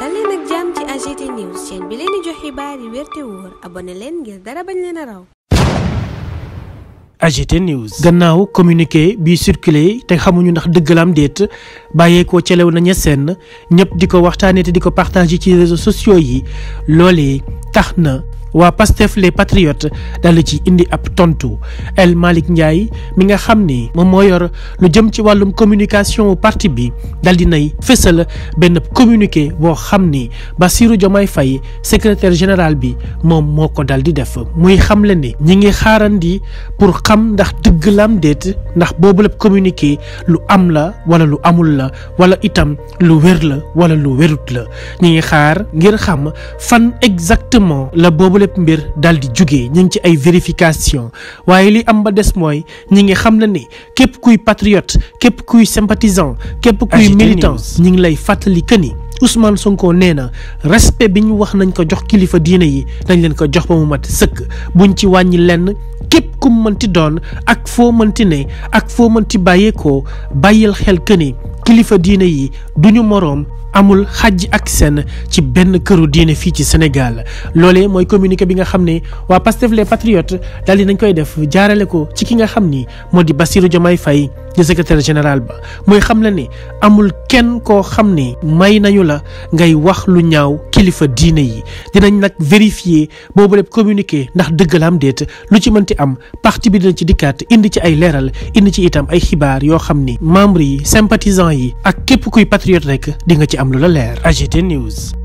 dal leen ak jàmm ci gannaaw communiqué bi circulé te xamuñu ndax dëggalaam déet bàyyeekoo celew na ña seen ñëpp di ko waxtaanee te di ko partage ci réseau sociaux yi loolee tax na. waa Pastef les dal di ci indi ab tontu El Malick Ndiaye mi nga xam ni moom moo yor lu jëm ci wàllum communication parti bi dal di nay fësal benn communiqué boo xam ni Bassirou Diomaye fay secretaire général bi moom moo ko dal di def muy xam le ni ñi ngi xaarandi pour xam ndax dëgg lam déet ndax boobu la communiqué lu am la wala lu amul la wala itam lu wér la wala lu wérut la ñi ngi xaar ngir xam fan exactement la boobu lépp mbir dal di jugee ñu ngi ci ay vérification waaye li am ba des mooy ñi ngi xam la ni képp kuy patriote képp kuy sympathisant képp kuy militant ñi ngi lay fàttali que ni Ousmane Sonko nee na respect bi ñu wax nañ ko jox kilifa diine yi dañ leen ko jox ba mu mat sëkk buñ ci wàññi lenn képp ku mënti doon ak foo mënti ne ak foo mënti bàyyeekoo bàyyil xel que kilifa diine yi duñu moroom amul xaj ak seen ci benn këru diine fii ci Sénégal loolee mooy communiqué bi nga xam ne waa Pastef les Patriotes daal di nañ koy def jaarale ko ci ki nga xam ni moo di Bassirou Diomaye Faye di secretaire général ba mooy xam ne ni amul kenn koo xam ne may nañu la ngay wax lu ñaaw kilifa diine yi dinañ nag vérifier boobu lépp communiqué ndax dëgg la déet lu ci mënti am parti bi dina ci dikkaat indi ci ay leeral indi ci itam ay xibaar yoo xam ni membres yi yi ak képp kuy patriote rek di am lu la leer AGT News